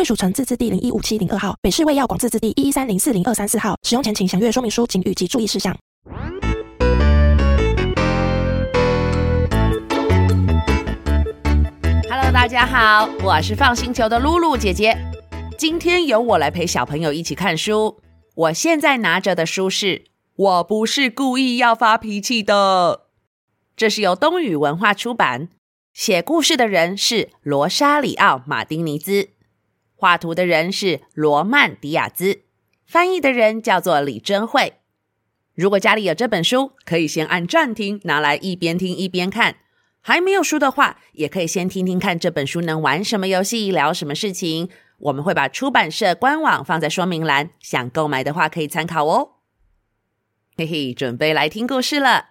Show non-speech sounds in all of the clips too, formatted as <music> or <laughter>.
衛署成字第零一五七零二號，北市衛藥廣字第一一三零四零二三四號。使用前請詳閱說明書警語及注意事項。哈嘍，大家好，我是 FUN 星球的露露姐姐。今天由我來陪小朋友一起看書。我現在拿着的書是《我不是故意要發脾氣的》，這是由東雨文化出版，寫故事的人是羅莎里奧·馬丁尼茲。畫圖的人是羅曼·迪亞茲，翻譯的人叫做李貞慧。如果家裡有這本書，可以先按暫停，拿來一邊聽一邊看。還沒有書的話，也可以先聽聽看這本書能玩什麼遊戲，聊什麼事情。我們會把出版社官網放在說明欄，想購買的話可以參考哦。嘿嘿，準備來聽故事了。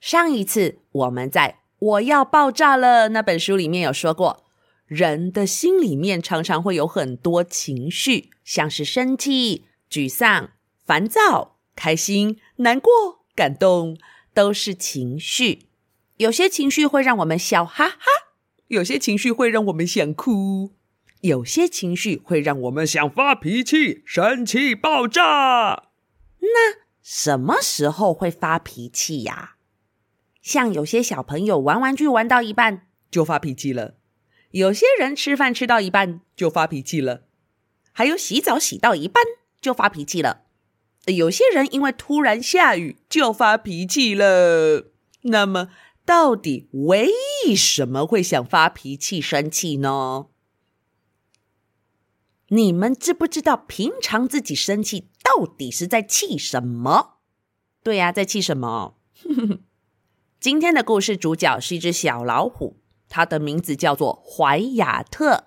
上一次我們在《我要爆炸了》那本書裡面有說過。人的心裡面常常會有很多情緒，像是生氣、沮喪、煩躁、開心、難過、感動，都是情緒。有些情緒會讓我們笑哈哈，有些情緒會讓我們想哭，有些情緒會讓我們想發脾氣、生氣、爆炸。那什麼時候會發脾氣呀、啊？像有些小朋友玩玩具玩到一半就發脾氣了。有些人吃飯吃到一半就發脾氣了，還有洗澡洗到一半就發脾氣了。有些人因為突然下雨就發脾氣了。那麼，到底為什麼會想發脾氣、生氣呢？你們知不知道平常自己生氣到底是在氣什麼？對呀、啊，在氣什麼？ <laughs> 今天的故事主角是一隻小老虎。他的名字叫做懷亞特，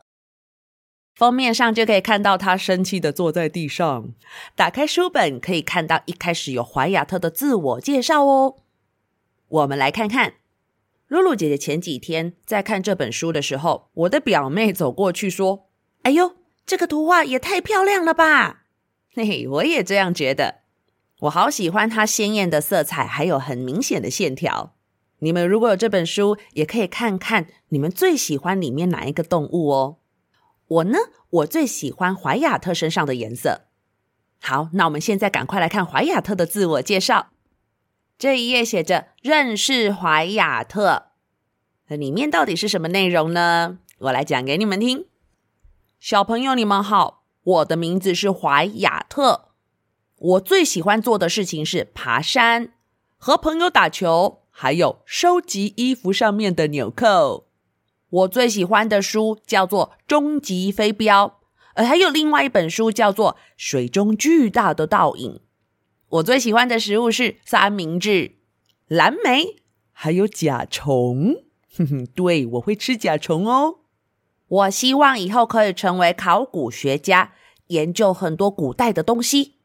封面上就可以看到他生氣的坐在地上。打開書本，可以看到一開始有懷亞特的自我介紹哦。我們來看看，露露姐姐前幾天在看這本書的時候，我的表妹走過去說：“哎呦，這個圖畫也太漂亮了吧！”嘿嘿，我也這樣覺得。我好喜歡它鮮豔的色彩，還有很明顯的線條。你們如果有這本書，也可以看看你們最喜歡裡面哪一個動物哦。我呢，我最喜歡懷亞特身上的顏色。好，那我們現在趕快來看懷亞特的自我介紹。這一頁寫着“認識懷亞特”，裡面到底是什麼內容呢？我來講給你們聽。小朋友，你們好，我的名字是懷亞特。我最喜歡做的事情是爬山和朋友打球。還有收集衣服上面的紐扣。我最喜歡的書叫做《終極飛鏢》，呃，還有另外一本書叫做《水中巨大的倒影》。我最喜歡的食物是三明治、藍莓，還有甲蟲。哼 <laughs> 哼，對，我會吃甲蟲哦。我希望以後可以成為考古學家，研究很多古代的東西。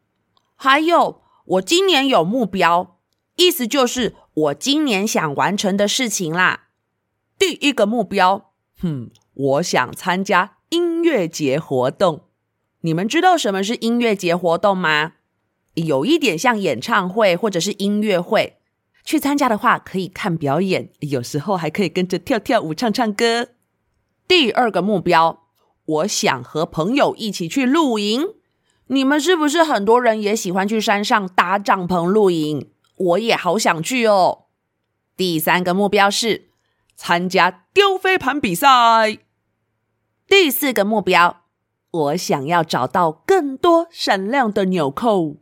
還有，我今年有目標，意思就是。我今年想完成的事情啦，第一個目標，哼，我想參加音樂節活動。你們知道什麼是音樂節活動嗎？有一點像演唱會或者是音樂會，去參加的話可以看表演，有時候還可以跟着跳跳舞、唱唱歌。第二個目標，我想和朋友一起去露營。你們是不是很多人也喜歡去山上搭帳篷露營？我也好想去哦！第三個目標是參加丟飛盤比賽。第四個目標，我想要找到更多閃亮的紐扣。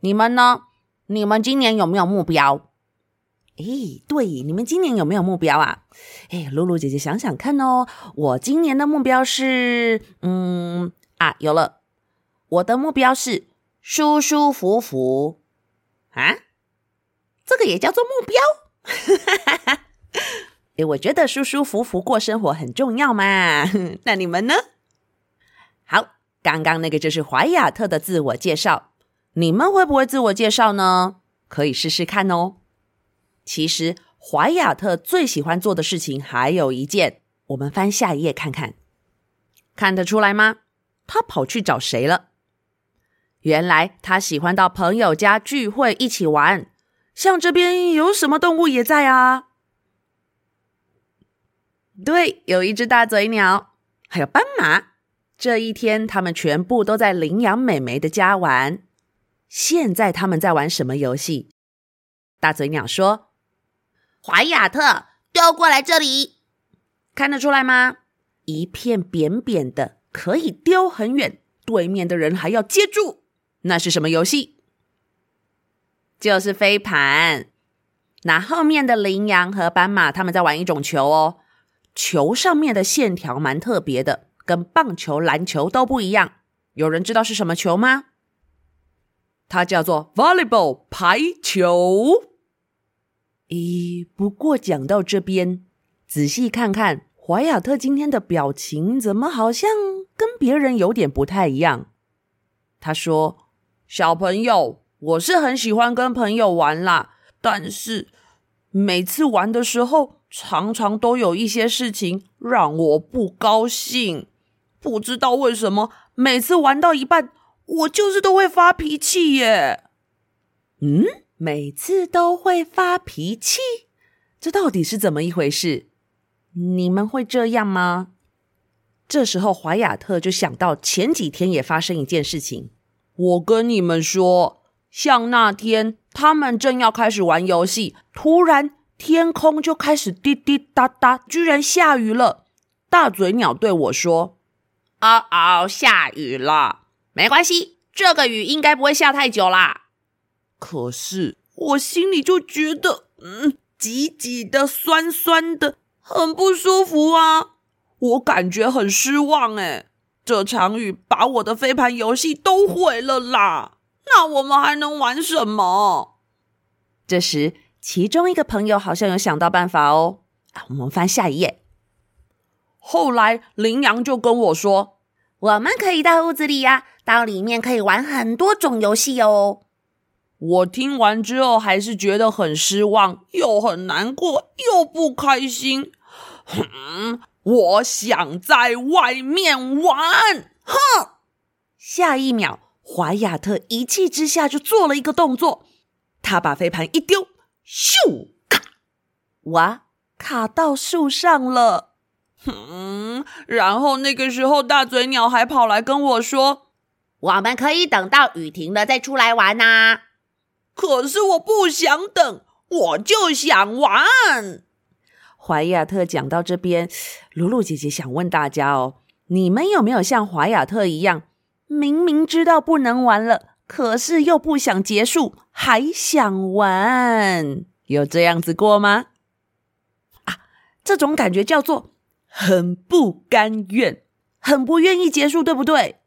你們呢？你們今年有沒有目標？哎，對，你們今年有沒有目標啊？哎，露露姐姐想想看哦，我今年的目標是……嗯啊，有了，我的目標是舒舒服服啊。這個也叫做目標，哎、 <laughs> 欸，我覺得舒舒服服過生活很重要嘛。 <laughs> 那你們呢？好，剛剛那個就是懷亞特的自我介紹。你們會不會自我介紹呢？可以試試看哦。其實懷亞特最喜歡做的事情還有一件，我們翻下一頁看看，看得出來嗎？他跑去找誰了？原來他喜歡到朋友家聚會，一起玩。像這邊有什麼動物也在啊？對，有一隻大嘴鳥，還有斑馬。這一天，他們全部都在羚羊美眉的家玩。現在他們在玩什麼遊戲？大嘴鳥說：“懷亞特，丟過來這裡。”看得出來嗎？一片扁扁的，可以丟很遠，對面的人還要接住。那是什麼遊戲？就是飛盤，那後面的羚羊和斑馬他們在玩一種球哦，球上面的線條蠻特別的，跟棒球、籃球都不一樣。有人知道是什麼球嗎？它叫做 volleyball 排球。咦，不過講到這邊，仔細看看懷亞特今天的表情，怎麼好像跟別人有點不太一樣？他說：“小朋友。”我是很喜歡跟朋友玩啦，但是每次玩的時候，常常都有一些事情讓我不高興。不知道為什麼，每次玩到一半，我就是都會發脾氣耶。嗯，每次都會發脾氣，這到底是怎麼一回事？你們會這樣嗎？這時候，懷亞特就想到前幾天也發生一件事情，我跟你們說。像那天，他們正要開始玩遊戲，突然天空就開始滴滴答答，居然下雨了。大嘴鳥對我說：“嗷嗷、哦哦、下雨了，沒關係，這個雨應該不會下太久啦。”可是我心裡就覺得，嗯，擠擠的，酸酸的，很不舒服啊。我感覺很失望誒，這場雨把我的飛盤遊戲都毀了啦。那我們還能玩什麼？這時，其中一個朋友好像有想到辦法哦。啊，我們翻下一頁。後來，羚羊就跟我說：“我們可以到屋子裡呀，到裡面可以玩很多種遊戲哦。”我聽完之後，還是覺得很失望，又很難過，又不開心。哼，我想在外面玩。哼，下一秒。懷亞特一氣之下就做了一個動作，他把飛盤一丟，咻，卡，哇，卡到樹上了。嗯，然後那個時候大嘴鳥還跑來跟我說：“我們可以等到雨停了再出來玩吶。”可是我不想等，我就想玩。懷亞特講到這邊，露露姐姐想問大家哦，你們有沒有像懷亞特一樣？明明知道不能玩了，可是又不想結束，還想玩，有這樣子過嗎？啊，這種感覺叫做很不甘願，很不願意結束，對不對？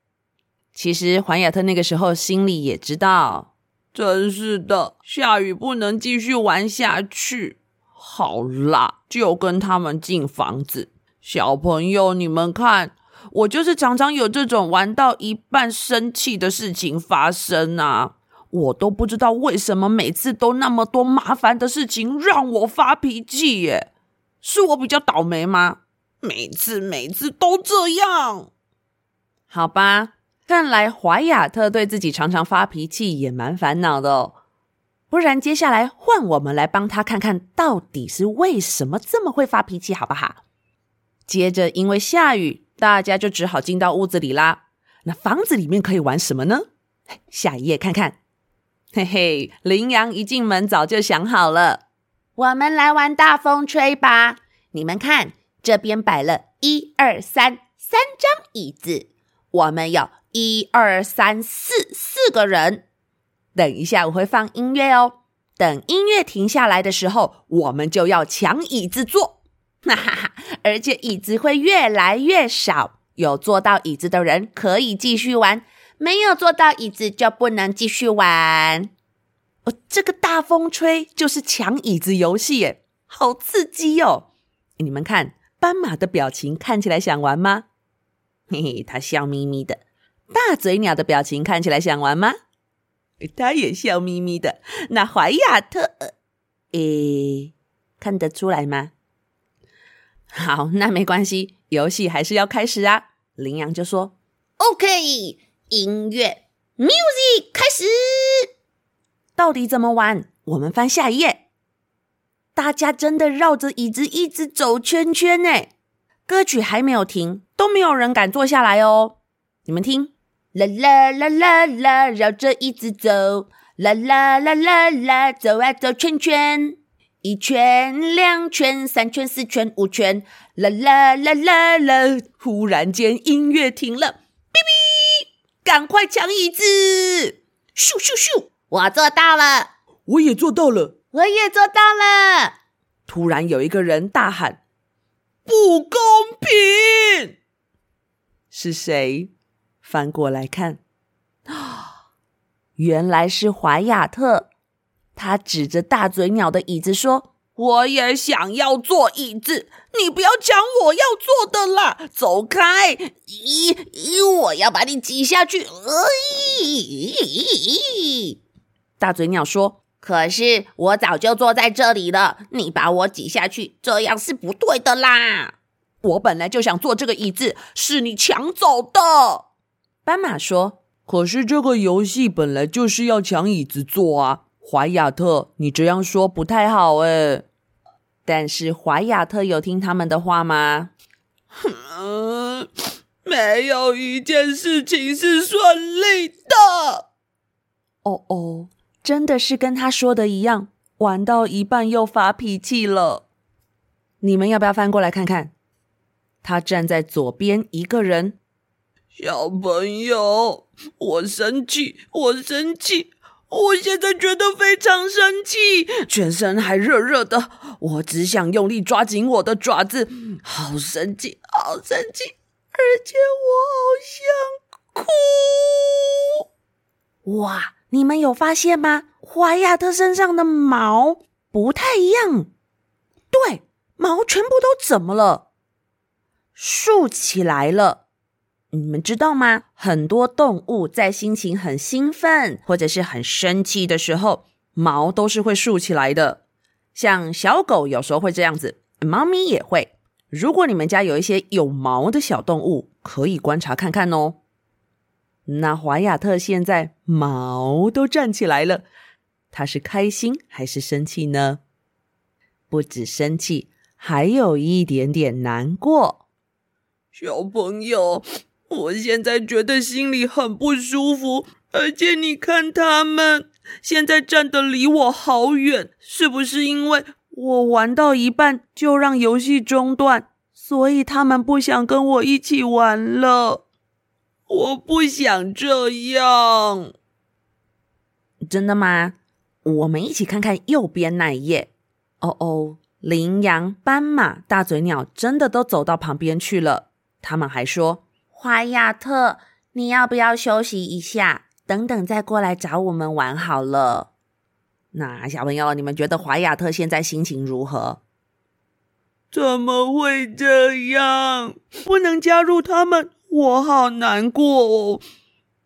其實懷亞特那個時候心裡也知道，真是的，下雨不能繼續玩下去。好啦，就跟他們進房子。小朋友，你們看。我就是常常有這種玩到一半生氣的事情發生啊！我都不知道為什麼每次都那麼多麻煩的事情讓我發脾氣耶，是我比較倒霉嗎？每次每次都這樣。好吧，看來懷亞特對自己常常發脾氣也蠻煩惱的哦。不然接下來換我們來幫他看看到底是為什麼這麼會發脾氣，好不好？接着因為下雨。大家就只好進到屋子裡啦。那房子裡面可以玩什麼呢？下一頁看看。嘿嘿，羚羊一進門早就想好了，我們來玩大風吹吧。你們看，這邊擺了一二三三張椅子，我們有一二三四四個人。等一下我會放音樂哦，等音樂停下來的時候，我們就要搶椅子坐。哈哈哈！ <laughs> 而且椅子會越來越少，有坐到椅子的人可以繼續玩，沒有坐到椅子就不能繼續玩。哦，這個大風吹就是搶椅子遊戲誒，好刺激哦！你們看斑馬的表情看起來想玩嗎？嘿嘿，他笑眯眯的。大嘴鳥的表情看起來想玩嗎？哎，他也笑眯眯的。那懷亞特，咦，呃，看得出來嗎？好，那沒關係，遊戲還是要開始啊！羚羊就說：“OK，音樂 music 開始。”到底怎麼玩？我們翻下一頁。大家真的繞着椅子一直走圈圈欸，歌曲還沒有停，都沒有人敢坐下來哦。你們聽，啦啦啦啦啦，繞着椅子走，啦啦啦啦啦，走啊走圈圈。一圈兩圈三圈四圈五圈啦啦啦啦啦！忽然間音樂停了，嗶嗶！趕快搶椅子！咻咻咻！我做到了，我也做到了，我也做到了！到了突然有一個人大喊：“不公平！”是誰？翻過來看，啊，原來是懷亞特。他指着大嘴鳥的椅子說：“我也想要坐椅子，你不要搶我要坐的啦！走開！咦咦，我要把你擠下去！”咦咦咦咦！大嘴鳥說：“可是我早就坐在這裡了，你把我擠下去，這樣是不對的啦！我本來就想坐這個椅子，是你搶走的。”斑馬說：“可是這個遊戲本來就是要搶椅子坐啊！”懷亞特，你這樣說不太好欸。但是懷亞特有聽他們的話嗎？沒有一件事情是順利的。哦哦，真的是跟他說的一樣，玩到一半又發脾氣了。你們要不要翻過來看看？他站在左邊一個人。小朋友，我生氣，我生氣。我現在覺得非常生氣，全身還熱熱的。我只想用力抓緊我的爪子，好生氣，好生氣！而且我好想哭。哇，你們有發現嗎？懷亞特身上的毛不太一樣。對，毛全部都怎麼了？豎起來了。你們知道嗎？很多動物在心情很興奮或者是很生氣的時候，毛都是會豎起來的。像小狗有時候會這樣子，貓咪也會。如果你們家有一些有毛的小動物，可以觀察看看哦。那懷亞特現在毛都站起來了，他是開心還是生氣呢？不止生氣，還有一點點難過。小朋友。我現在覺得心裡很不舒服，而且你看他們現在站的離我好遠，是不是因為我玩到一半就讓遊戲中斷，所以他們不想跟我一起玩了？我不想這樣，真的嗎？我們一起看看右邊那一頁。哦哦，羚羊、斑馬、大嘴鳥真的都走到旁邊去了，他們還說。懷亞特，你要不要休息一下？等等再過來找我們玩好了。那小朋友，你們覺得懷亞特現在心情如何？怎麼會這樣？不能加入他們，我好難過哦。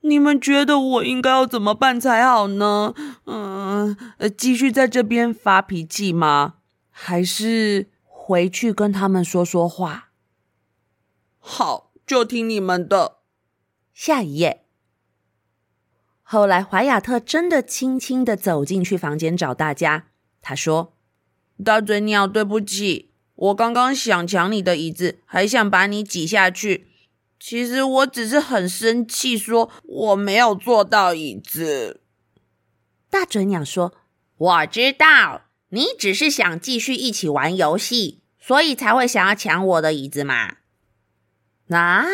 你們覺得我應該要怎麼辦才好呢？嗯，繼續在這邊發脾氣嗎？還是回去跟他們說說話？好。就聽你們的。下一頁。後來，懷亞特真的輕輕的走進去房間找大家。他說：“大嘴鳥，對不起，我剛剛想搶你的椅子，還想把你擠下去。其實我只是很生氣，說我沒有坐到椅子。”大嘴鳥說：“我知道，你只是想繼續一起玩遊戲，所以才會想要搶我的椅子嘛。”啊，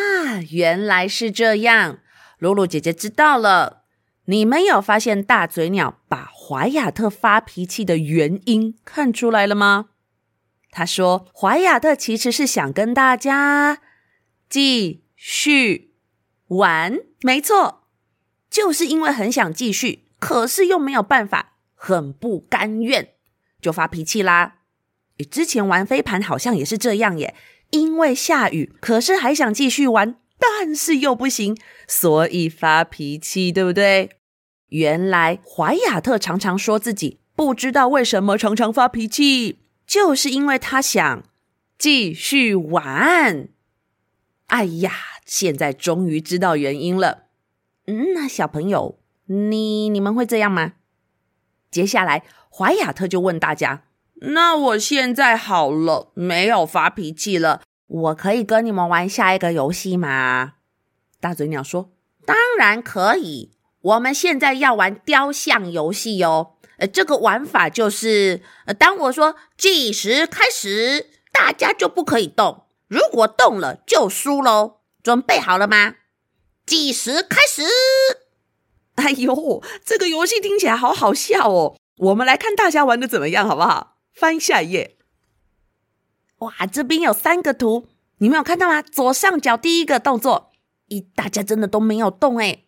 原來是這樣！露露姐姐知道了。你們有發現大嘴鳥把懷亞特發脾氣的原因看出來了嗎？他說，懷亞特其實是想跟大家繼續玩。沒錯，就是因為很想繼續，可是又沒有辦法，很不甘願，就發脾氣啦。之前玩飛盤好像也是這樣耶。因為下雨，可是還想繼續玩，但是又不行，所以發脾氣，對不對？原來懷亞特常常說自己不知道為什麼常常發脾氣，就是因為他想繼續玩。哎呀，現在終於知道原因了。嗯，那小朋友，你你們會這樣嗎？接下來，懷亞特就問大家。那我現在好了，沒有發脾氣了。我可以跟你們玩下一個遊戲嗎？大嘴鳥說：“當然可以。我們現在要玩雕像遊戲哦。呃，這個玩法就是，呃，當我說計時開始，大家就不可以動。如果動了就輸咯。準備好了嗎？計時開始。哎呦，這個遊戲聽起來好好笑哦。我們來看大家玩得怎麼樣，好不好？”翻一下頁，哇，這邊有三個圖，你沒有看到嗎？左上角第一個動作，一，大家真的都沒有動誒。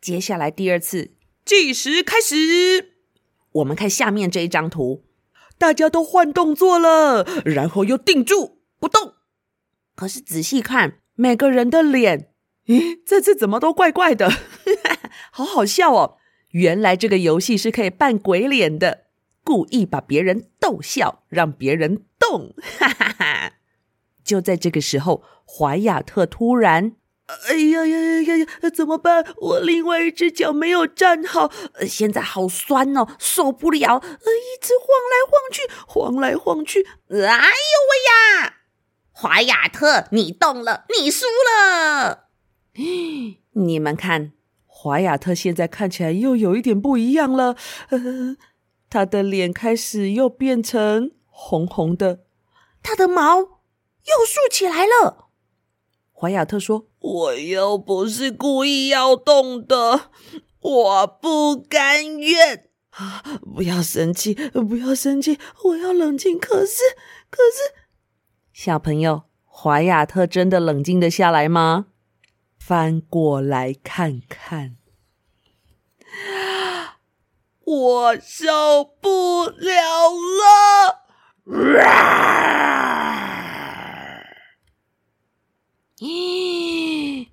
接下來第二次計時開始，我們看下面這一張圖，大家都換動作了，然後又定住不動。可是仔細看每個人的臉，咦，這次怎麼都怪怪的？ <laughs> 好好笑哦！原來這個遊戲是可以扮鬼臉的，故意把別人。逗笑讓別人動，哈哈哈哈，就在這個時候，懷亞特突然，哎呀哎呀呀、哎、呀！怎麼辦？我另外一隻腳沒有站好，呃、現在好酸哦，受不了、呃！一直晃來晃去，晃來晃去，哎呦喂呀！懷亞特，你動了，你輸了！ <coughs> 你們看，懷亞特現在看起來又有一點不一樣了，呃他的臉開始又變成紅紅的，他的毛又豎起來了。懷亞特說：“我又不是故意要動的，我不甘願啊！ <laughs> 不要生氣，不要生氣，我要冷靜。可是，可是，小朋友，懷亞特真的冷靜得下來嗎？翻過來看看。 <laughs> ”我受不了了！咦，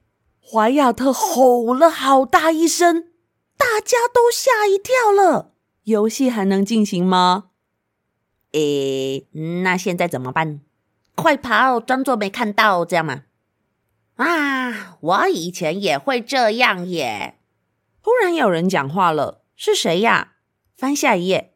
懷亞特吼了好大一聲，大家都嚇一跳了。遊戲還能進行嗎？哎，那現在怎麼辦？快跑，裝作沒看到，這樣嗎？啊，我以前也會這樣耶。突然有人講話了。是誰呀？翻下一頁，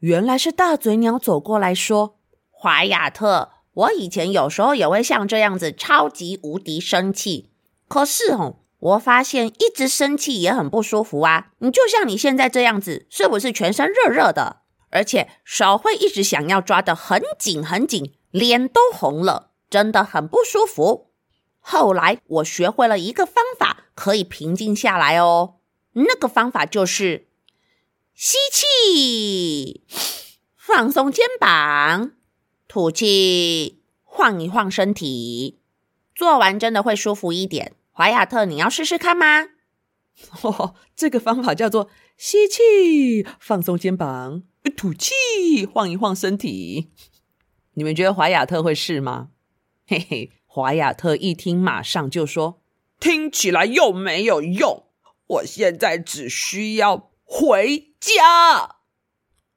原來是大嘴鳥走過來說：“懷亞特，我以前有時候也會像這樣子，超級無敵生氣。可是哦，我發現一直生氣也很不舒服啊。你就像你現在這樣子，是不是全身熱熱的，而且手會一直想要抓得很緊很緊，臉都紅了，真的很不舒服。後來我學會了一個方法，可以平靜下來哦。”那個方法就是：吸氣，放鬆肩膀；吐氣，晃一晃身體。做完真的會舒服一點。懷亞特，你要試試看嗎？哦，這個方法叫做吸氣，放鬆肩膀；吐氣，晃一晃身體。你們覺得懷亞特會試嗎？嘿嘿，懷亞特一聽，馬上就說：“聽起來又沒有用。”我現在只需要回家。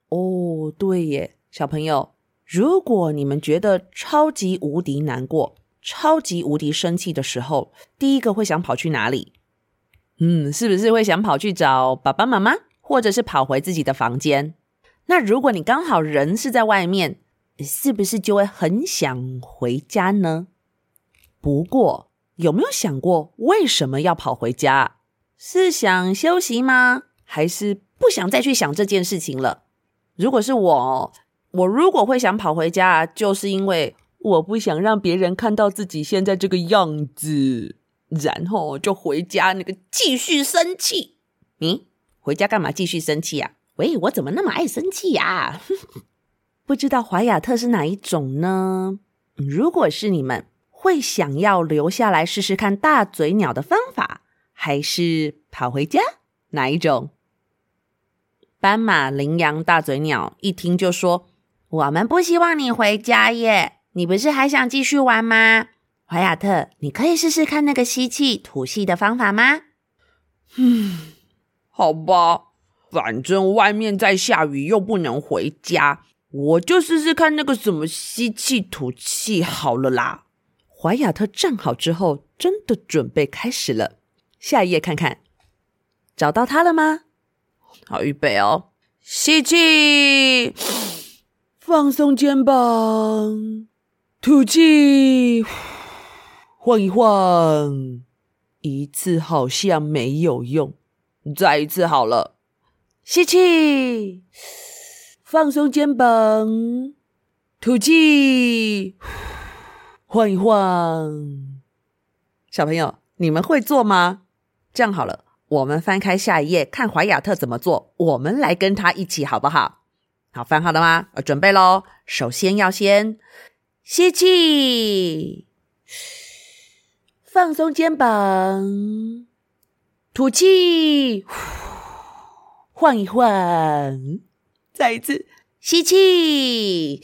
哦，對耶，小朋友，如果你們覺得超級無敵難過、超級無敵生氣的時候，第一個會想跑去哪裡？嗯，是不是會想跑去找爸爸媽媽，或者是跑回自己的房間？那如果你剛好人是在外面，是不是就會很想回家呢？不過，有沒有想過為什麼要跑回家？是想休息嗎？還是不想再去想這件事情了？如果是我，我如果會想跑回家，就是因為我不想讓別人看到自己現在這個樣子，然後就回家那個繼續生氣。嗯，回家幹嘛繼續生氣呀？喂，我怎麼那麼愛生氣呀？ <laughs> 不知道懷亞特是哪一種呢？如果是你們，會想要留下來試試看大嘴鳥的方法，還是跑回家？哪一種？斑馬、羚羊、大嘴鳥一聽就說：“我們不希望你回家耶！你不是還想繼續玩嗎？”懷亞特，你可以試試看那個吸氣吐氣的方法嗎？嗯，好吧，反正外面在下雨，又不能回家，我就試試看那個什麼吸氣吐氣好了啦。懷亞特站好之後，真的準備開始了。下一頁看看，找到它了嗎？好，預備哦，吸氣，放鬆肩膀，吐氣，呼，晃一晃。一次好像沒有用，再一次好了，吸氣，放鬆肩膀，吐氣，呼，晃一晃。小朋友，你們會做嗎？這樣好了，我們翻開下一頁，看懷亞特怎麼做。我們來跟他一起，好不好？好，翻好了嗎？準備咯，首先要先吸氣，放鬆肩膀，吐氣，呼，換一換。再一次，吸氣，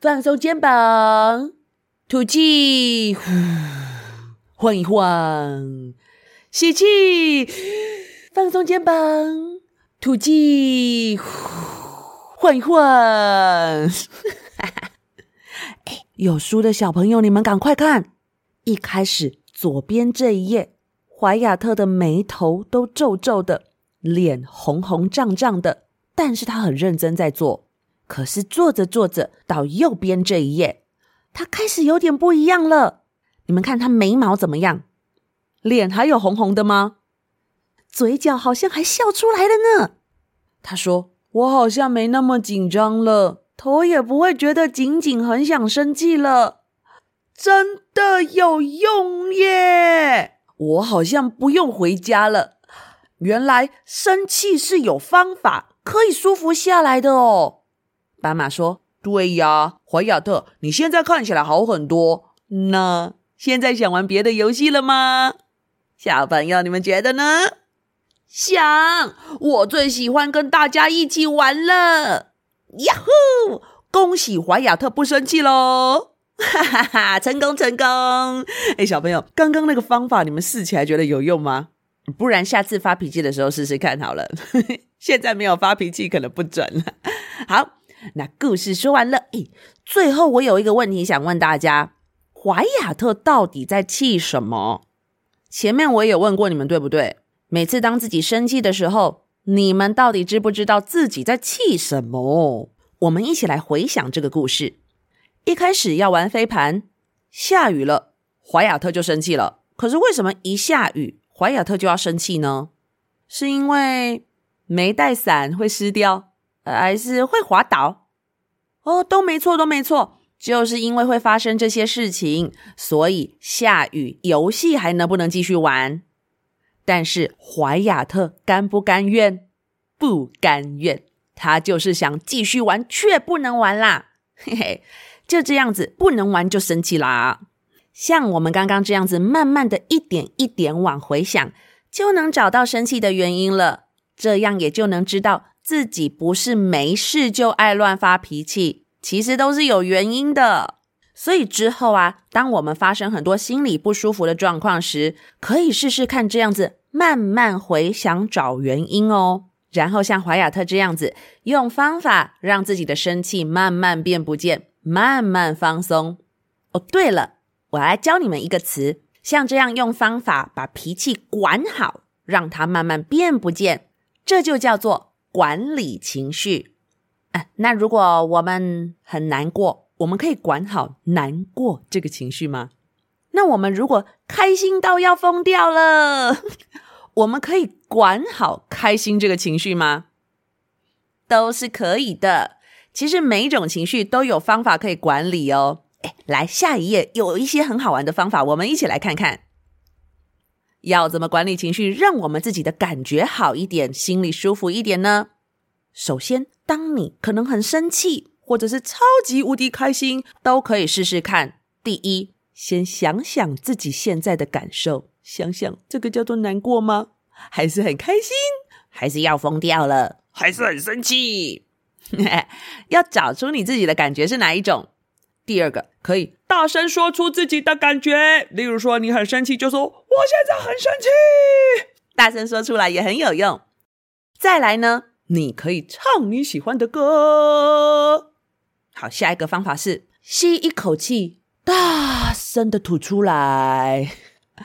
放鬆肩膀，吐氣。呼晃一晃，吸氣，放鬆肩膀，吐氣，呼，換一換，哈哈、 <laughs> 哎，有書的小朋友，你們趕快看。一開始，左邊這一頁，懷亞特的眉頭都皺皺的，臉紅紅脹脹的，但是他很認真在做。可是做着做着，到右邊這一頁，他開始有點不一樣了。你們看他眉毛怎麼樣？臉還有紅紅的嗎？嘴角好像還笑出來了呢。他說：“我好像沒那麼緊張了，頭也不會覺得緊緊，很想生氣了。”真的有用耶！我好像不用回家了。原來生氣是有方法可以舒服下來的哦。斑馬說：“對呀，懷亞特，你現在看起來好很多呢。那”現在想玩別的遊戲了嗎，小朋友？你們覺得呢？想，我最喜歡跟大家一起玩了。呀！呼，恭喜懷亞特不生氣嘍！哈哈哈，成功成功！誒，小朋友，剛剛那個方法你們試起來覺得有用嗎？不然下次發脾氣的時候試試看好了。 <laughs> 現在沒有發脾氣，可能不準了。好，那故事說完了。誒，最後我有一個問題想問大家。懷亞特到底在氣什麼？前面我也問過你們，對不對？每次當自己生氣的時候，你們到底知不知道自己在氣什麼？我們一起來回想這個故事。一開始要玩飛盤，下雨了，懷亞特就生氣了。可是為什麼一下雨，懷亞特就要生氣呢？是因為沒帶傘會濕掉，還是會滑倒？哦，都沒錯，都沒錯。就是因為會發生這些事情，所以下雨，遊戲還能不能繼續玩？但是懷亞特甘不甘願？不甘願，他就是想繼續玩，卻不能玩啦。嘿嘿，就這樣子，不能玩就生氣啦。像我們剛剛這樣子，慢慢的一點一點往回想，就能找到生氣的原因了。這樣也就能知道自己不是沒事就愛亂發脾氣。其實都是有原因的，所以之後啊，當我們發生很多心裡不舒服的狀況時，可以試試看這樣子，慢慢回想找原因哦。然後像懷亞特這樣子，用方法讓自己的生氣慢慢變不見，慢慢放鬆。哦，對了，我來教你們一個詞，像這樣用方法把脾氣管好，讓它慢慢變不見，這就叫做管理情緒。哎、啊，那如果我們很難過，我們可以管好難過這個情緒嗎？那我們如果開心到要瘋掉了，我們可以管好開心這個情緒嗎？都是可以的。其實每一種情緒都有方法可以管理哦。哎，來，下一頁，有一些很好玩的方法，我們一起來看看。要怎麼管理情緒，讓我們自己的感覺好一點，心裡舒服一點呢？首先，當你可能很生氣，或者是超級無敵開心，都可以試試看。第一，先想想自己現在的感受，想想這個叫做難過嗎？還是很開心？還是要瘋掉了？還是很生氣？ <laughs> 要找出你自己的感覺是哪一種。第二個，可以大聲說出自己的感覺，例如說你很生氣，就說我現在很生氣！大聲說出來也很有用。再來呢，你可以唱你喜歡的歌。好，下一個方法是吸一口氣，大聲的吐出來。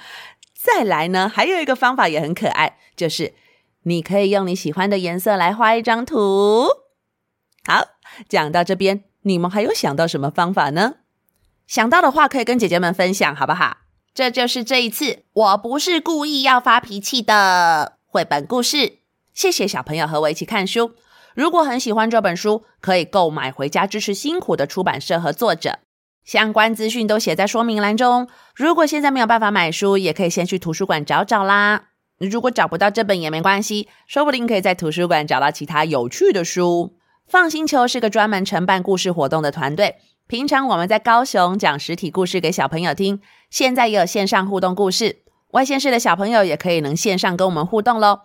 <laughs> 再來呢，還有一個方法也很可愛，就是你可以用你喜歡的顏色來畫一張圖。好，講到這邊，你們還有想到什麼方法呢？想到的話可以跟姐姐們分享，好不好？這就是這一次我不是故意要發脾氣的繪本故事。謝謝小朋友和我一起看書。如果很喜歡這本書，可以購買回家支持辛苦的出版社和作者。相關資訊都寫在說明欄中。如果現在沒有辦法買書，也可以先去圖書館找找啦。如果找不到這本也沒關係，說不定可以在圖書館找到其他有趣的書。FUN 星球是個專門承辦故事活動的團隊。平常我們在高雄講實體故事給小朋友聽，現在也有線上互動故事。外縣市的小朋友也可以能線上跟我們互動嘍。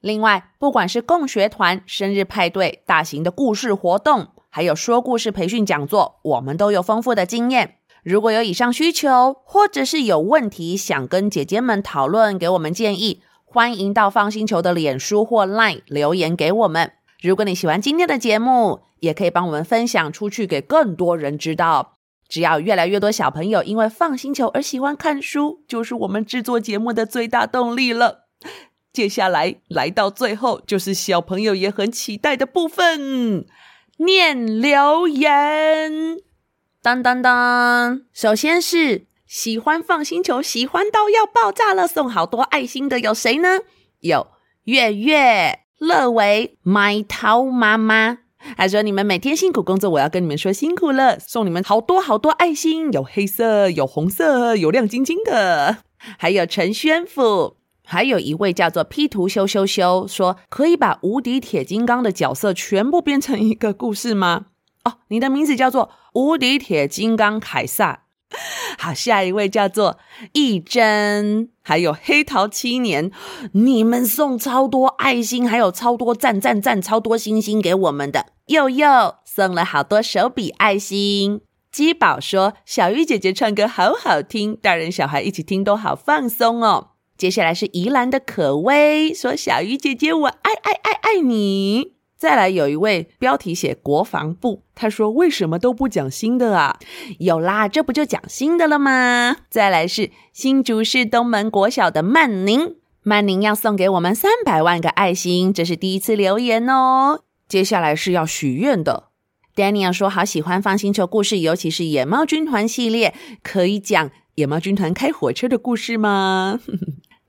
另外，不管是共學團、生日派對、大型的故事活動，還有說故事培訓講座，我們都有豐富的經驗。如果有以上需求，或者是有問題想跟姐姐們討論，給我們建議，歡迎到 FUN 星球的臉書或 LINE 留言給我們。如果你喜歡今天的節目，也可以幫我們分享出去，給更多人知道。只要越來越多小朋友因為 FUN 星球而喜歡看書，就是我們製作節目的最大動力了。接下來來到最後，就是小朋友也很期待的部分——念留言。噹噹噹！首先是喜歡 FUN 星球，喜歡到要爆炸了，送好多愛心的有誰呢？有月月、樂為、麥濤媽媽，還說你們每天辛苦工作，我要跟你們說辛苦了，送你們好多好多愛心，有黑色、有紅色、有亮晶晶的，還有陳宣傅。還有一位叫做 P 圖修修修，說可以把無敵鐵金剛的角色全部變成一個故事嗎？哦，你的名字叫做無敵鐵金剛凱撒。 <laughs> 好，下一位叫做一珍，還有黑桃七年，你們送超多愛心，還有超多讚讚讚、超多星星給我們的，又又送了好多手比愛心。基寶說，小玉姐姐唱歌好好聽，大人小孩一起聽都好放鬆哦。接下來是宜蘭的可威說：“小魚姐姐，我愛愛愛愛你。”再來有一位標題寫“國防部”，他說：“為什麼都不講新的啊？”有啦，這不就講新的了嗎？再來是新竹市東門國小的曼寧，曼寧要送給我們三百萬個愛心，這是第一次留言哦。接下來是要許願的，Daniel 說：“好喜歡 FUN 星球故事，尤其是野貓軍團系列，可以講野貓軍團開火車的故事嗎？” <laughs>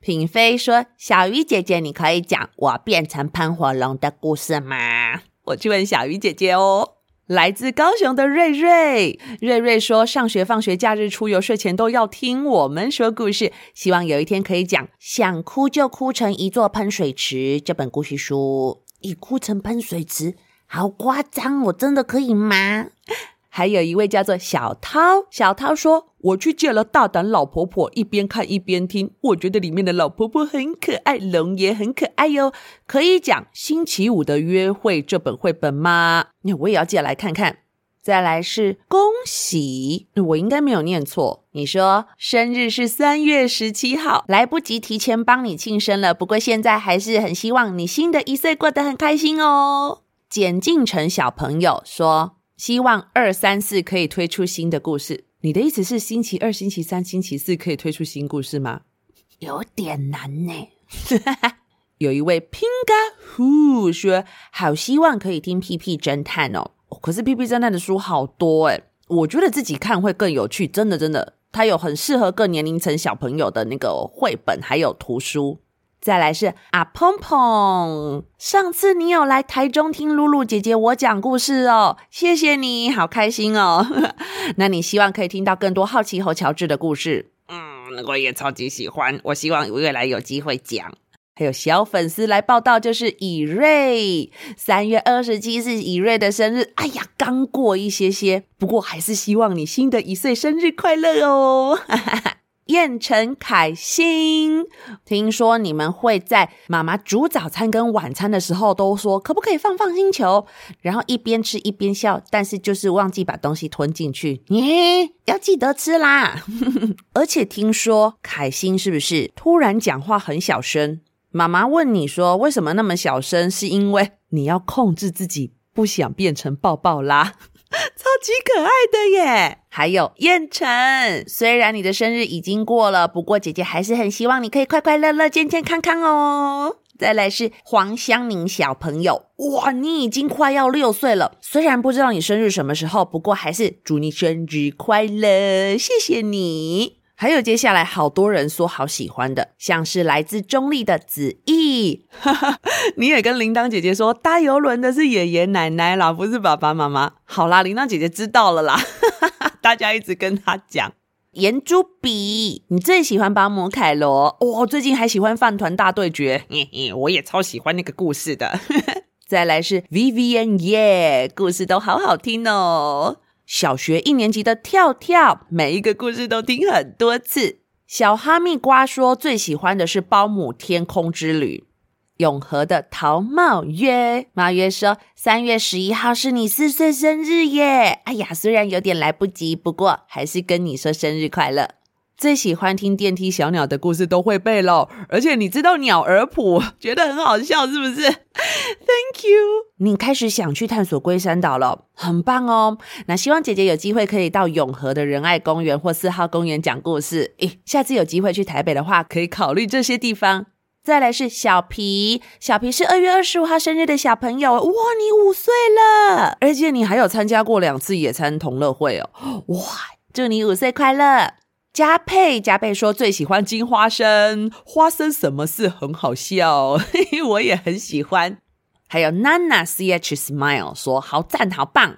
品妃說：“小魚姐姐，你可以講我變成噴火龍的故事嗎？”我去問小魚姐姐哦。來自高雄的瑞瑞，瑞瑞說：“上學、放學、假日出遊、睡前都要聽我們說故事，希望有一天可以講《想哭就哭成一座噴水池》這本故事書。一哭成噴水池，好誇張！我真的可以嗎？”還有一位叫做小濤，小濤說：“我去見了《大膽老婆婆》，一邊看一邊聽，我覺得裡面的老婆婆很可愛，龍也很可愛喲。哦，可以講《星期五的約會》這本繪本嗎？那我也要借來看看。再來是恭喜，我應該沒有念錯。你說生日是三月十七號，來不及提前幫你慶生了，不過現在還是很希望你新的一歲過得很開心哦。”簡靜成小朋友說。希望二三四可以推出新的故事。你的意思是星期二、星期三、星期四可以推出新故事嗎？有點難呢。 <laughs> 有一位拼嘎呼說：“好希望可以聽 PP 偵探哦，哦可是 PP 偵探的書好多哎，我覺得自己看會更有趣。真的，真的，它有很適合各年齡層小朋友的那個繪本，還有圖書。”再來是阿碰碰，上次你有來台中聽露露姐姐我講故事哦，謝謝你，好開心哦， <laughs> 那你希望可以聽到更多好奇猴喬治的故事，嗯，那我也超級喜歡，我希望未來有機會講。還有小粉絲來報道，就是以瑞，三月二十七是以瑞的生日，哎呀，剛過一些些，不過還是希望你新的一歲生日快樂哦。 <laughs> 燕城凱欣，聽說你們會在媽媽煮早餐跟晚餐的時候都說可不可以放放星球，然後一邊吃一邊笑，但是就是忘記把東西吞進去。要記得吃啦！ <laughs> 而且聽說凱欣是不是突然講話很小聲？媽媽問你說為什麼那麼小聲，是因為你要控制自己，不想變成抱抱啦？超級可愛的耶！還有燕晨，雖然你的生日已經過了，不過姐姐還是很希望你可以快快樂樂、健健康康哦。再來是黃湘寧小朋友，哇，你已經快要六歲了，雖然不知道你生日什麼時候，不過還是祝你生日快樂，謝謝你。還有接下來好多人說好喜歡的，像是來自中立的子逸 <laughs> 你也跟鈴鐺姐姐說搭郵輪的是爺爺奶奶啦，不是爸爸媽媽。好啦，鈴鐺姐姐知道了啦， <laughs> 大家一直跟她講。顏珠筆，你最喜歡巴姆·凱羅哇、哦，最近還喜歡飯糰大對決， <laughs> 我也超喜歡那個故事的。 <laughs> 再來是 Vivian Yeah, 故事都好好聽哦。小學一年級的跳跳，每一個故事都聽很多次。小哈密瓜說最喜歡的是《包姆天空之旅》。永和的陶茂約，茂約說三月十一號是你四歲生日耶！哎呀，雖然有點來不及，不過還是跟你說生日快樂。最喜歡聽電梯小鳥的故事，都會背嘍。而且你知道鳥兒譜，覺得很好笑，是不是？Thank you。你開始想去探索龜山島了，很棒哦。那希望姐姐有機會可以到永和的仁愛公園或四號公園講故事。欸，下次有機會去台北的話，可以考慮這些地方。再來是小皮，小皮是二月二十五號生日的小朋友。哇，你五歲了，而且你還有參加過兩次野餐同樂會哦。哇，祝你五歲快樂！佳佩佳佩說最喜歡金花生，花生什麼事很好笑， <laughs> 我也很喜歡。還有 Nana C H Smile 說好讚好棒，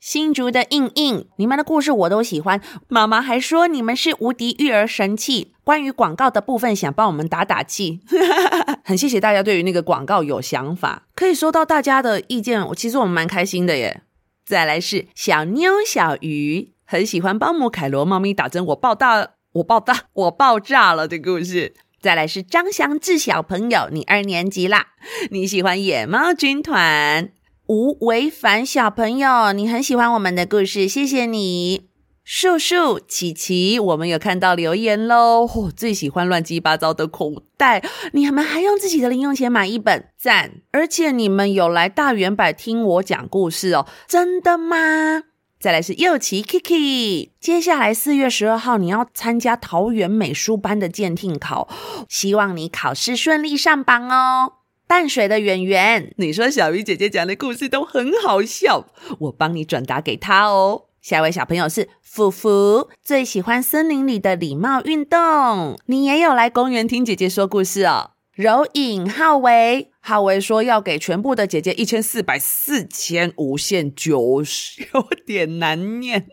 新竹的印印，你們的故事我都喜歡。媽媽還說你們是無敵育兒神器。關於廣告的部分，想幫我們打打氣， <laughs> 很謝謝大家對於那個廣告有想法，可以收到大家的意見，我其實我們蠻開心的耶。再來是小妞小魚。很喜歡幫姆凱羅貓咪打針，我爆炸，我爆炸，我爆炸了的故事。再來是張祥志小朋友，你二年級啦，你喜歡野貓軍團。吳維凡小朋友，你很喜歡我們的故事，謝謝你。樹樹、琪琪，我們有看到留言嘍。我、哦、最喜歡亂七八糟的口袋，你們還，還用自己的零用錢買一本，讚！而且你們有來大遠百聽我講故事哦真的嗎？再來是右奇 Kiki，接下來四月十二號你要參加桃園美術班的鑑定考，希望你考試順利上榜哦。淡水的圓圓，你說小魚姐姐講的故事都很好笑，我幫你轉達給她哦。下一位小朋友是芙芙，最喜歡森林裡的禮貌運動，你也有來公園聽姐姐說故事哦。柔影浩維。哈維說要給全部的姐姐一千四百四千無限九十，有點難念。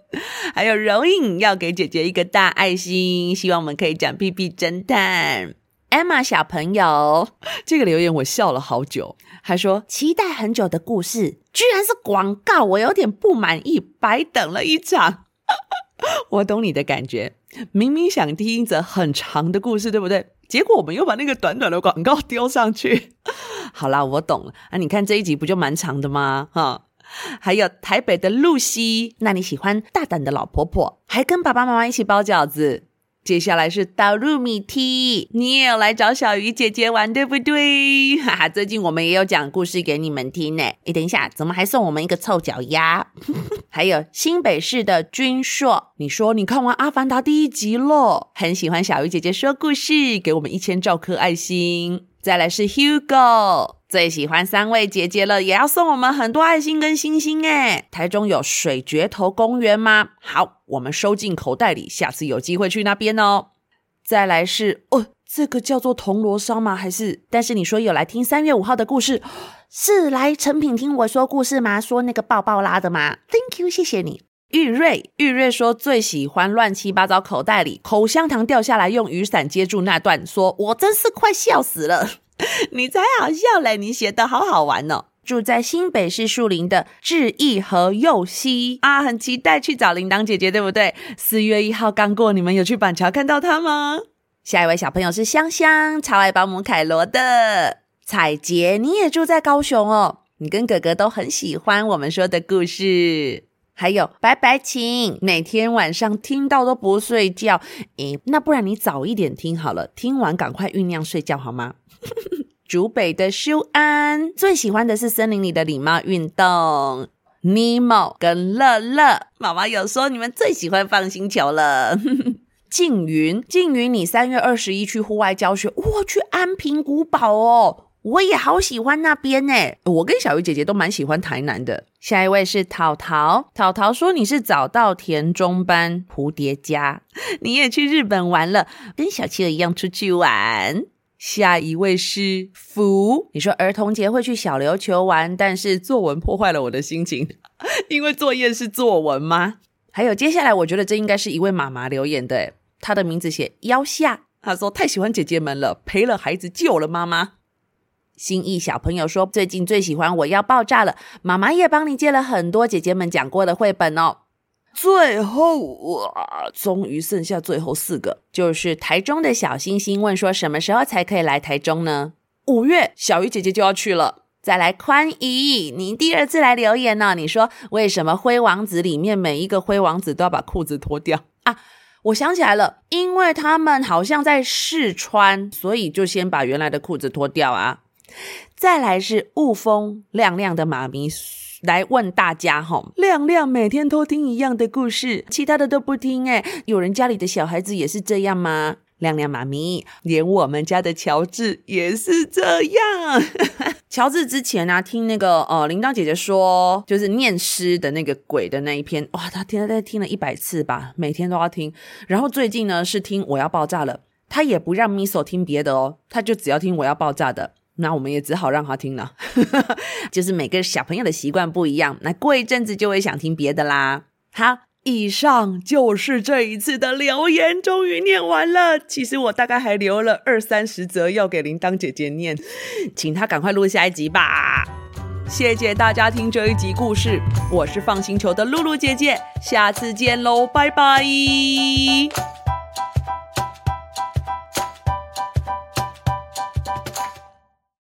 還有柔印要給姐姐一個大愛心，希望我們可以講屁屁偵探。Emma 小朋友，這個留言我笑了好久，還說期待很久的故事居然是廣告，我有點不滿意，白等了一場。 <laughs> 我懂你的感覺，明明想聽一則很長的故事，對不對？結果我們又把那個短短的廣告丟上去。 <laughs> 好啦，我懂了。啊，你看這一集不就蠻長的嗎？哈，還有台北的露西，那你喜歡大膽的老婆婆，還跟爸爸媽媽一起包餃子。接下來是刀入米 T，你也有來找小魚姐姐玩，對不對？哈、啊、哈，最近我們也有講故事給你們聽呢。哎，等一下，怎麼還送我們一個臭腳丫？ <laughs> 還有新北市的君碩，你說你看完《阿凡達》第一集咯？很喜歡小魚姐姐說故事，給我們一千兆顆愛心。再來是 Hugo，最喜歡三位姐姐了，也要送我們很多愛心跟星星誒。台中有水堀頭公園嗎？好，我們收進口袋裡，下次有機會去那邊哦。再來是哦，這個叫做銅鑼燒嗎？還是？但是你說有來聽三月五號的故事，是來誠品聽我說故事嗎？說那個抱抱拉的嗎？Thank you，謝謝你。玉瑞，玉瑞說最喜歡亂七八糟口袋裡口香糖掉下來，用雨傘接住那段，說我真是快笑死了。 <laughs> 你才好笑嘞！你寫得好好玩哦。住在新北市樹林的志毅和右熙啊，很期待去找鈴鐺姐姐，對不對？四月一號剛過，你們有去板橋看到她嗎？下一位小朋友是香香，超愛保姆凱羅的彩杰，你也住在高雄哦。你跟哥哥都很喜歡我們說的故事。還有拜拜，請每天晚上聽到都不睡覺。誒，那不然你早一點聽好了，聽完趕快醞釀睡覺好嗎？ <laughs> 竹北的修安最喜歡的是森林裡的禮貌運動。尼莫跟樂樂，媽媽有說你們最喜歡放星球了。靜 <laughs> 雲，靜雲，你三月二十一去戶外教學，我、哦、去安平古堡哦。我也好喜歡那邊耶、哦，我跟小魚姐姐都蠻喜歡台南的。下一位是淘淘，淘淘說你是早稻田中班蝴蝶家，你也去日本玩了，跟小企鵝一樣出去玩。下一位是福，你說兒童節會去小琉球玩，但是作文破壞了我的心情，因為作業是作文嗎？還有接下來，我覺得這應該是一位媽媽留言的，她的名字寫腰下，她說太喜歡姐姐們了，陪了孩子救了，媽媽。心意小朋友說：“最近最喜歡我要爆炸了，媽媽也幫你借了很多姐姐們講過的繪本哦。”最後，哇，終於剩下最後四個，就是台中的小星星問說：“什麼時候才可以來台中呢？”五月，小魚姐姐就要去了。再來寬姨，你第二次來留言呢、哦？你說為什麼灰王子裡面每一個灰王子都要把褲子脫掉啊？我想起來了，因為他們好像在試穿，所以就先把原來的褲子脫掉啊。再來是霧峰亮亮的媽咪來問大家齁，亮亮每天都聽一樣的故事，其他的都不聽誒、欸、有人家裡的小孩子也是這樣嗎？亮亮媽咪，連我們家的喬治也是這樣。喬 <laughs> 治之前呢、啊，聽那個呃鈴鐺姐姐說，就是念詩的那個鬼的那一篇，哇，他天天在聽了一百次吧，每天都要聽。然後最近呢，是聽我要爆炸了，他也不讓 miso 聽別的哦，他就只要聽我要爆炸的。那我們也只好讓他聽了， <laughs> 就是每個小朋友的習慣不一樣，那過一陣子就會想聽別的啦。好，以上就是這一次的留言，終於念完了。其實我大概還留了二三十則要給鈴鐺姐姐念， <laughs> 請她趕快錄下一集吧。謝謝大家聽這一集故事，我是放星球的露露姐姐，下次見嘍，拜拜。